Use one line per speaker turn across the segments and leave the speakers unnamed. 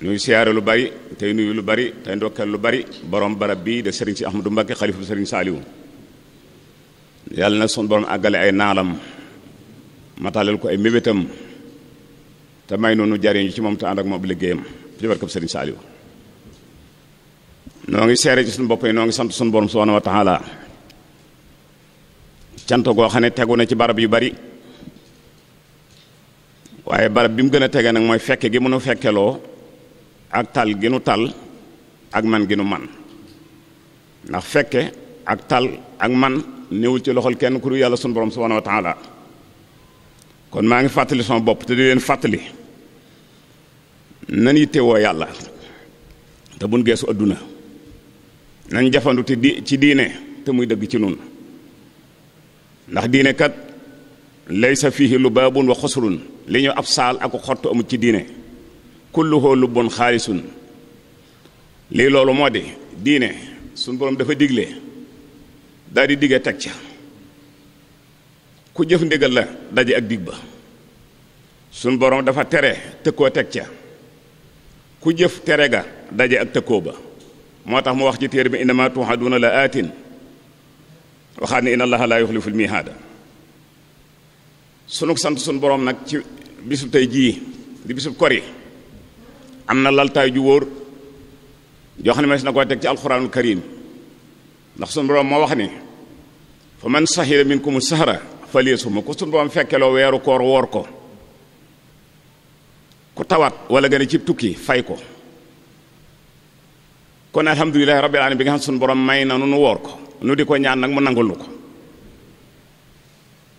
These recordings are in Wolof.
ñuy siyaare lu bari tey nuyu lu bari tey ndokkeel lu bari borom barab bii de Serigne si Ahmadou Mbacké xalifa Serigne Saliou yàlla na sunu borom àggale ay naalam mataleel ko ay mébétam te may noonu jariñu ci moom te ànd ak moom liggéeyam ci barkab Serigne Saliou ngi seere ci suñu bopp noo ngi sant suñu borom subhanahu wa taala xam ne tegu na ci barab yu bari waaye barab bi mu gën a tege nag mooy fekke gi mënu fekkeloo ak tal gi nu tal ak man gi nu man ndax fekke ak tal ak man néewul ci loxol kenn ku dul yàlla sunu borom subhanahu wa taala kon maa ngi fàttali sama bopp te di leen fàttali nan yittewoo yàlla te bun geesu adduna nañ jafandu te di ci diine te muy dëgg ci nun ndax diine kat laysa fiihi lubaabun wa xusrun li ñu ab saal ak xott amut ci diine kulluhu lubbun xaalisun lii loolu moo di diine suñ borom dafa digle daal di digge teg ca ku jëf ndigal la daje ak dig ba suñ boroom dafa tere tëkkoo teg ca ku jëf tere ga daje ak tëkkoo ba moo tax mu wax ci téere bi innama tuuxaduuna la aatin waxaat ne inna allaha laa yuxliful mihaada sunug sant suñ borom nag ci bisu tey jii di bisub kor am na laltaay ju wóor jox xam ne mees na koy teg ci alxuraanul karim ndax sunu borom moo wax ni fa man sahira minkumu sahara falyasumhu ku sunu borom fekkeloo weeru koor woor ko ku tawat wala nga ne ci tukki fay ko kon alhamdulilahi rabbil alamin bi nga xam sunu borom may na nu woor ko nu di ko ñaan nag mu nangul nu ko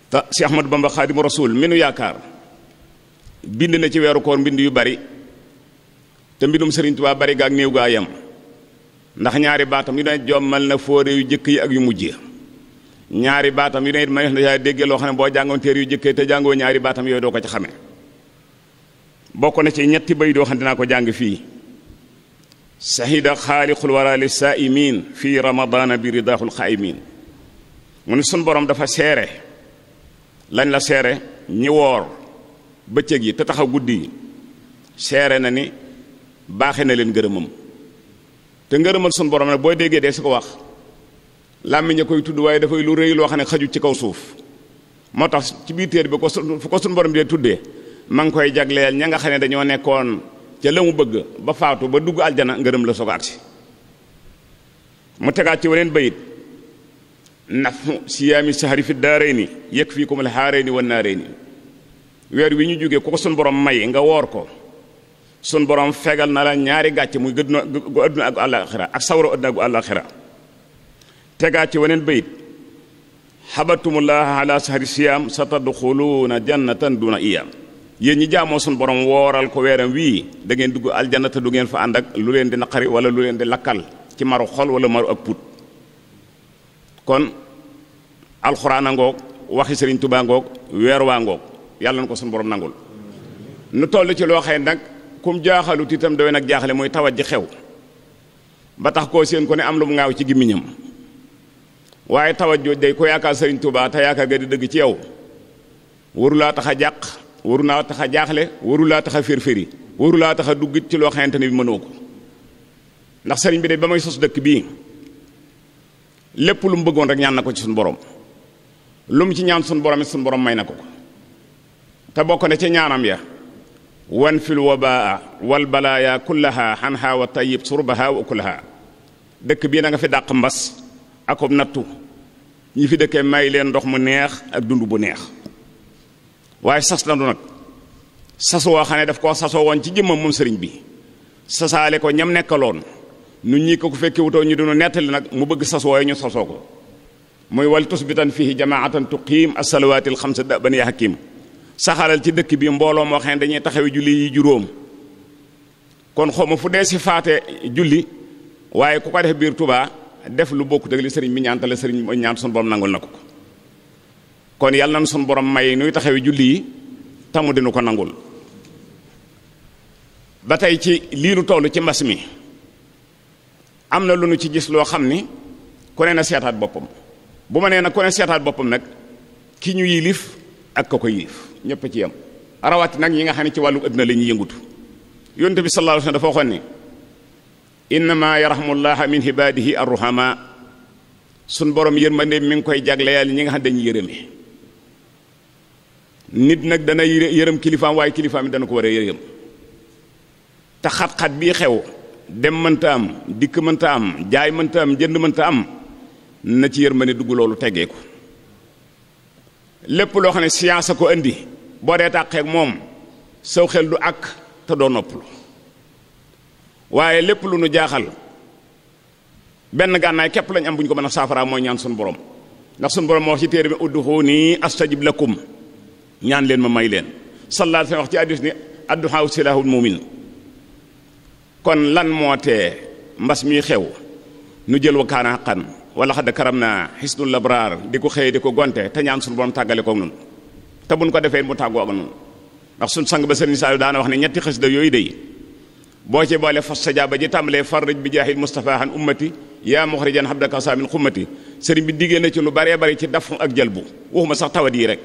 te si Ahmadu Bamba Xaadimu Rasuul mi nu yaakaar bind na ci weeru koor mbind yu bari te mbirum Serigne Touba bari gaak néew gaa ndax ñaari baatam yu ne jommal na fóore yu jëkk yi ak yu mujj ñaari baatam yu ne it manees déggee loo xam ne boo jàngoon téer yu jëkkee te jàngoo ñaari baatam yooyu doo ko ci xame bokk na ci ñetti bay doo xam dinaa ko jàng fii sahida xaaliqul wara li saaimin fii ramadana bi ridaaxul xaaimin mu ne sun borom dafa seere lañ la seere ñi woor bëccëg yi te taxaw guddi yi seere na ni baaxe na leen ngërëmam te ngërëmal sunu borom nag boo déggee dee su ko wax làmmiñ koy tudd waaye dafay lu rëy loo xam ne xaju ci kaw suuf moo tax ci biir téer bi ko fu ko sunu borom dee tuddee ma ngi koy jagleel ña nga xam ne dañoo nekkoon ca la mu bëgg ba faatu ba dugg aljana ngërëm la soog si mu tegaat ci weneen bayit nafu siyaami sahari fi daarayni yakfikum alhaarayni wannaarayni weer wi ñu jóge ku ko sunu borom may nga woor ko sun borom fegal na la ñaari gàcce muy gëdduna gu àdduna ak àllaaxira ak sawara àdduna gu àllaaxira tegaa ci weneen bayit xabatumullah ala sahri siyaam sa tadxuluuna jannatan duna iyaam yéen ñi jaamoo sun borom wooral ko weeram wii da ngeen dugg aljanna te du ngeen fa ànd ak lu leen di naqari wala lu leen di lakkal ci maru xol wala maru ak put kon alxuraan a ngoog waxi sëriñ tubaa ngoog weer ngoog yàlla na ko sun borom nangul kum jaaxalut itam doy nag jaaxle mooy tawat ji xew ba tax koo séen ko ne am lu mu ngaaw ci gimmiñam waaye tawat jooj day ko yaakaar sëriñ Tuubaa te yaakaar ga di dëgg ci yow waru laa tax a jàq waru laa tax a jaaxle waru laa tax a firfiri waru laa tax a dugg ci loo xamante ne bi mënoo ko ndax sëriñ bi de ba may sos dëkk bii lépp lu mu bëggoon rek ñaan na ko ci suñu boroom lu mu ci ñaan suñu borom it suñu borom may na ko ko te bokk na ca ñaanam ya wan fil wabaa wal balaaya kullaha xanha wa tayyib surbaha wa kullaha dëkk bii na nga fi dàq mbas akob nattu ñi fi dëkkee may leen ndox mu neex ak dund bu neex waaye sas na du nag sas woo xam ne daf koo sasoo woon ci jëmmam moom sëriñ bi sasaale ko ñam nekkaloon nu ñii ko ku fekke ñu ñu dunu nettali nag mu bëgg sas wooye ñu sasoo ko muy wal bi fii tusbitan fihi jamaatan a as xam alxamsa daban ya hakim saxaral ci dëkk bi mbooloo moo xam ne dañuy taxawe julli yi juróom kon xaw ma fu dee si faate julli waaye ku ko def biir tubaa def lu bokkut ak li sëriñ bi ñaanta la sëriñ bi ñaanta sunu borom nangul na ko ko kon yàlla nañu sunu borom may nuy taxawe julli tamu dinu ko nangul ba tey ci lii nu toll ci mbas mi am na lu nu ci gis loo xam ni ku ne na seetaat boppam bu ma nee nag ku ne seetaat boppam nag ki ñu yilif ak ko ko yilif ñëpp ci yem rawaati nag ñi nga xam ne ci wàllu adduna la ñuy yëngutu yonte bi sallallahu alayhi wasallam dafa waxoon ne innama yarhamullaha min ibadihi arruhama sun borom yërmande mi ngi koy jagle yàlla ñi nga xam dañuy yërëme nit nag dana yërëm kilifaam waaye kilifaam yi dana ko war a yërëm te xat-xat bii xew dem mënta am dikk mënta am jaay mënta am jënd mënta am na ci yërmande dugg loolu teggeeku lépp loo xam ne science a ko indi boo dee tàqeek moom saw xel du ak te doo noppalu waaye lépp lu nu jaaxal benn gànnaay képp lañ am buñ ko mën a saafara mooy ñaan suñu borom ndax suñu borom moo wax ci téere bi udduxuuni astajib lakum ñaan leen ma may leen sallallahu alayhi wax ci hadiis ni adduxaaw silaahul muumin kon lan moo tee mbas mi xew nu jël wa kaana xaqan wala xadd karam naa xisnul labraar di ko xëye di ko gonte te ñaan suñu borom tàggale koog nun te buñ ko defee mu tàggoo ak nun ndax suñ sang ba sëriñ Saliou daana wax ne ñetti xasida yooyu day boo ci boole fas sa jaaba ji tàmbalee far farrij bi jaahil Mustafa han ummati yaa muxrijan habdaka saamin xummati sëriñ bi diggée na ci lu baree bari ci daf ak jalbu waxuma sax tawat yi rek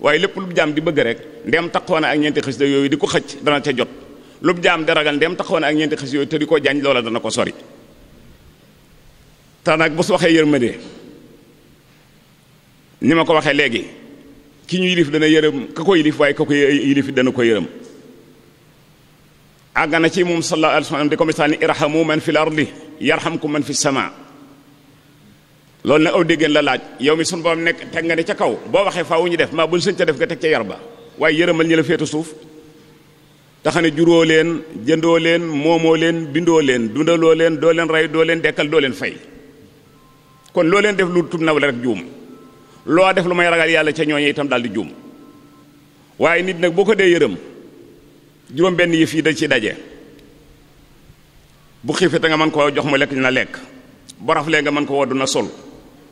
waaye lépp lu jaam di bëgg rek ndem taxawoon ak ñeenti xasida yooyu di ko xëcc dana ca jot lu jaam di ragal ndem taxawoon ak ñeenti xasida yooyu te di ko jaañ loola dana ko sori tax nag bu su waxee ma de ni ma ko waxee léegi ki ñu yilif dana yërëm ka ko yilif waaye ka ko yilif dana ko yërëm àgg na ci moom sallallahu alayhi wa sallam di ko misaal ni irhamu man fi l ardi yarhamkum man fi sama loolu nag aw déggeen la laaj yow mi sunu sun borom nekk teg nga ne ca kaw boo waxee faaw ñu def maa buñ sëñ ca def nga teg ca yar ba waaye yërëmal ñi la féetu suuf taxa ne juróo leen jëndoo leen moomoo leen bindoo leen dundaloo leen doo leen rey doo leen dekkal doo leen fay kon loo leen def lu tub nawle rek juum loo def lu may ragal yàlla ca ñooñu itam daal di juum waaye nit nag boo ko dee yërëm juróom benn yëf yi da ci daje bu xiifee te nga mën koo jox mu lekk dina lekk bu raflee nga mën ko wodd na sol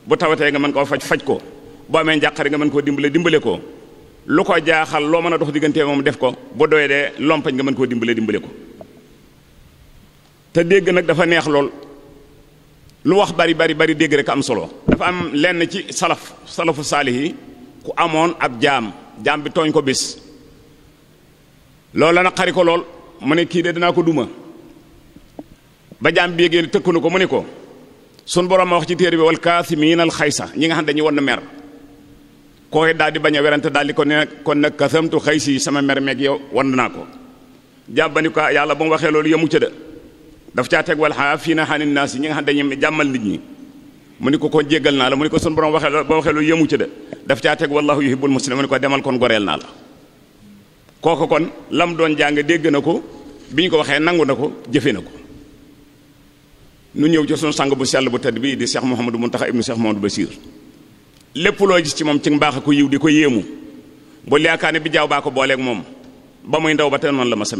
bu tawatee nga mën koo faj faj ko boo amee njàqare nga mën koo dimbale dimbale ko lu ko jaaxal loo mën a dox diggante moom def ko bu doyee de lompañ nga mën koo dimbale dimbale ko te dégg nag dafa neex lool lu wax bari bari bari dégg rek am solo dafa am lenn ci salaf salafu saalih yi ku amoon ab jaam jaam bi tooñ ko bis loolu la na xari ko lool mu ne kii de dinaa ko duma ba jaam bi yégee tëkku ko mu ne ko sun borom ma wax ci téere bi wal kaasimiina xay sax ñi nga xam dañuy won mer kooy daal di bañ a werante daal di ko ne kon nag kasamtu xaysi sama mer meeg yow won naa ko jaam ba ni ko yàlla ba mu waxee loolu yemu ca de daf caa teg wal xaafiina an naas yi ñi nga xam dañuy jàmmal nit ñi mu ni ko kon jéggal naa la mu ni ko sun borom waxee ba waxee lu yëmu ci de daf caa teg wallahu yuhibbul muslim mu ni ko demal kon goreel naa la kooku kon lam doon jàng dégg na ko bi ñu ko waxee nangu na ko jëfe na ko nu ñëw ci sunu sang bu sell bu tedd bii di Cheikh Mouhamadou Mountakha ibnu Cheikh Mouhamadou Bassir lépp loo gis ci moom ci mbaax ko yiw di ko yéemu bu yaakaar ne bi jaaw baa ko booleeg moom ba muy ndaw ba te noonu la ma sa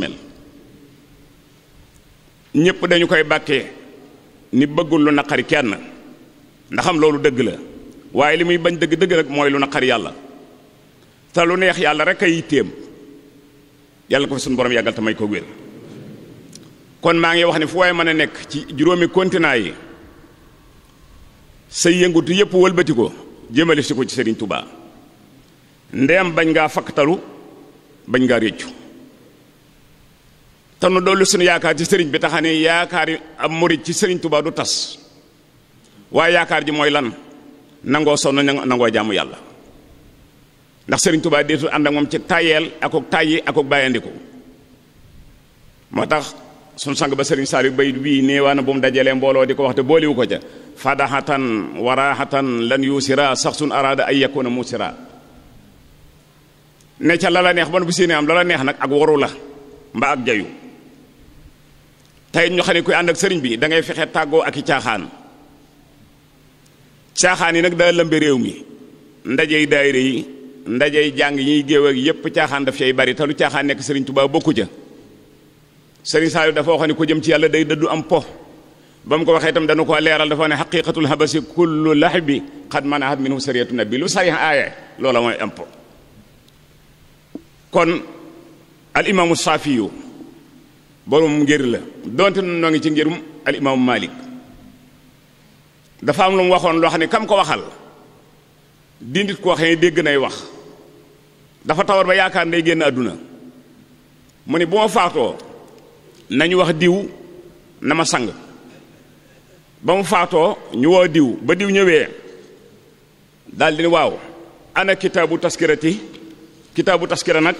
ñépp dañu koy bàkkee ni bëggul lu naqari kenn ndaxam loolu dëgg la waaye li muy bañ dëgg dëgg rek mooy lu naqari yàlla te lu neex yàlla rek ay yitteem yàlla ko fi suñu borom yàggal te may ko kon maa ngi wax ne fu waaye mën a nekk ci juróomi continent yi sa yëngut yépp wëlbati ko jëmale si ko ci Serigne tubaa ndeem bañ ngaa talu bañ ngaa réccu te nu dolli suñu yaakaar ci sëriñ bi taxa ne yaakaar yi am murit ci sëriñ tubaa du tas waaye yaakaar ji mooy lan nangoo sonn nangoo jaamu yàlla ndax sëriñ tubaa déetul ànd ak moom ci tayeel ak tayyi akuk bàyyandiku moo tax suñ sang ba sëriñ Saliou bayit wii néewaana bu mu dajalee mbooloo di ko wax te boolewu ko ca fadaxatan waraxatan lan yuusira sax suñ araada ay yakuna muusira ne ca la la neex ban bu séenée am la la neex nag ak waru la mba ak jayu tey ñu xam ne kuy ànd ak sëriñ bi da ngay fexe tàggoo ak i caaxaan caaxaan yi nag daa lëmbe réew mi ndajey daayira yi ndajey jàng yi ñuy géew ak yépp caaxaan daf cay bari te lu caaxaan nekk sëriñ Tuubaa bokku ca sëriñ Saliou dafa waxoon ne ku jëm ci yàlla day dëddu am po ba mu ko waxee tam dana ko leeral dafa ne xaqiqatul habasi kullu laxbi xad manahat minhu sariyatu nabi lu sarix aaye loola mooy am po kon al imaamu saafiyu borom ngir la donte noo ngi ci ngirum al imaamu Malik dafa am lu mu waxoon loo xam ne kam ko waxal di nit koo xam dégg nay wax dafa tawar ba yaakaar nday génn àdduna mu ne bu ma faatoo nañu wax diw na ma sang ba mu faatoo ñu woo diw ba diw ñëwee daldi ni waaw ana kitaabu taskirati kitaabu taskira nag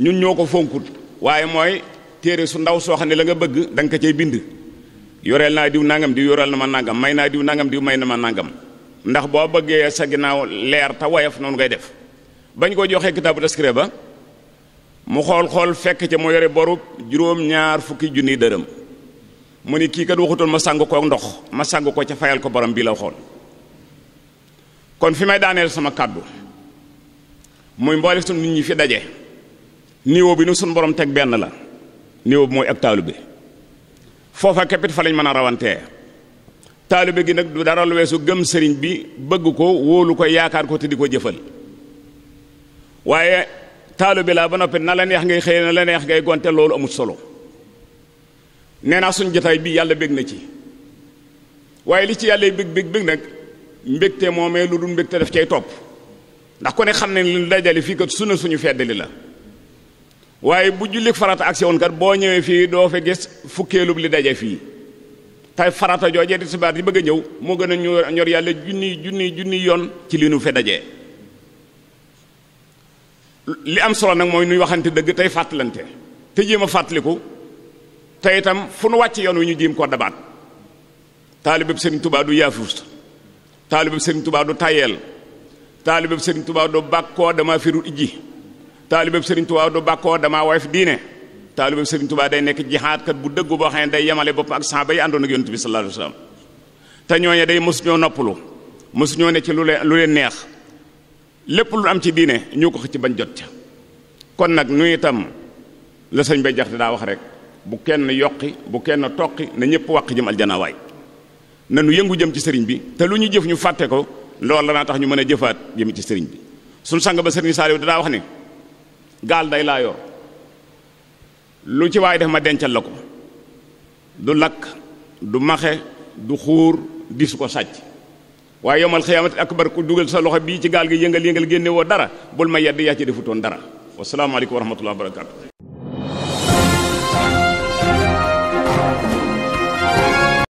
ñun ñoo ko fonkut waaye mooy téere su ndaw soo xam ne la nga bëgg da ko cay bind yoreel naa diw nangam diw yoreel na ma nangam may naa diw nangam diw may na ma nangam ndax boo bëggee sa ginnaaw leer te woyof noonu ngay def bañ ko joxee kitaabu taskire ba mu xool-xool fekk ca mu yore borub juróom-ñaar fukki junniy dërëm mu ni kii kat waxutoon ma sàng ko ndox ma sàng ko ca fayal ko borom bii la xool kon fi may daaneel sama kàddu muy mboole nit ñi fi daje niveau bi nu suñ borom teg benn la néew mooy ak taalube foofa képpit fa lañ mën a rawantee taalube gi nag du dara lu weesu gëm sëriñ bi bëgg ko wóolu ko yaakaar ko te di ko jëfal waaye taalube laa ba noppi na la neex ngay xëy na la neex ngay gonte loolu amut solo nee naa suñ jotaay bi yàlla bég na ci waaye li ci yàlla bég bég bég nag mbégte moomee lu dul mbégte daf cay topp ndax ku ne xam ne li dajale fii kat suna suñu feddali la waaye bu julli farata agsi woon kat boo ñëwee fii doo fa gis fukkeelu li daje fii te farata joojee di sibaar di bëgg a ñëw moo gën a ñor yàlla junni junni junni yoon ci li nu fe dajee li am solo nag mooy nuy waxante dëgg tey fàttalante te jéem a fàttaliku te itam fu nu wàcc yoon wi ñu jéem koo dabaat taalibeb sëriñ tubaa du yaafuus taalibeb sëriñ tubaa du tayeel taalibeb sëriñ tubaa du bàkkoo dama firul ijji taalibeb Serigne Touba du bàkkoo damaa woyof diine taalibeb Serigne Touba day nekk jihaadkat bu dëggu boo xam ne day yemale bopp ak saaba yi àndoon ak yonent bi sallallahu alayhi wasallam te ñooñu day mësuñoo noppalu mësuñoo ne ci lu leen lu leen neex lépp lu am ci diine ñu ko xëcc bañ jot kon nag nu itam la sëñ bay jaxte daa wax rek bu kenn yokki bu kenn toqi na ñëpp wàq jëm aljana na nu yëngu jëm ci sëriñ bi te lu ñu jëf ñu fàtte ko loolu la naa tax ñu mën a jëfaat jëm ci sëriñ bi suñu sang ba sëriñ da daa wax ne gaal day laa yor lu ci waaye def ma dencal la ko du lakk du maxe du xuur di su ko sàcc waaye yomal xiyaamati akbar ku dugal sa loxo bii ci gaal gi yëngal yëngal génne woo dara bul ma yedd yaa ci defutoon dara wasalaamaaleykum wa rahmatullahi wa barakatu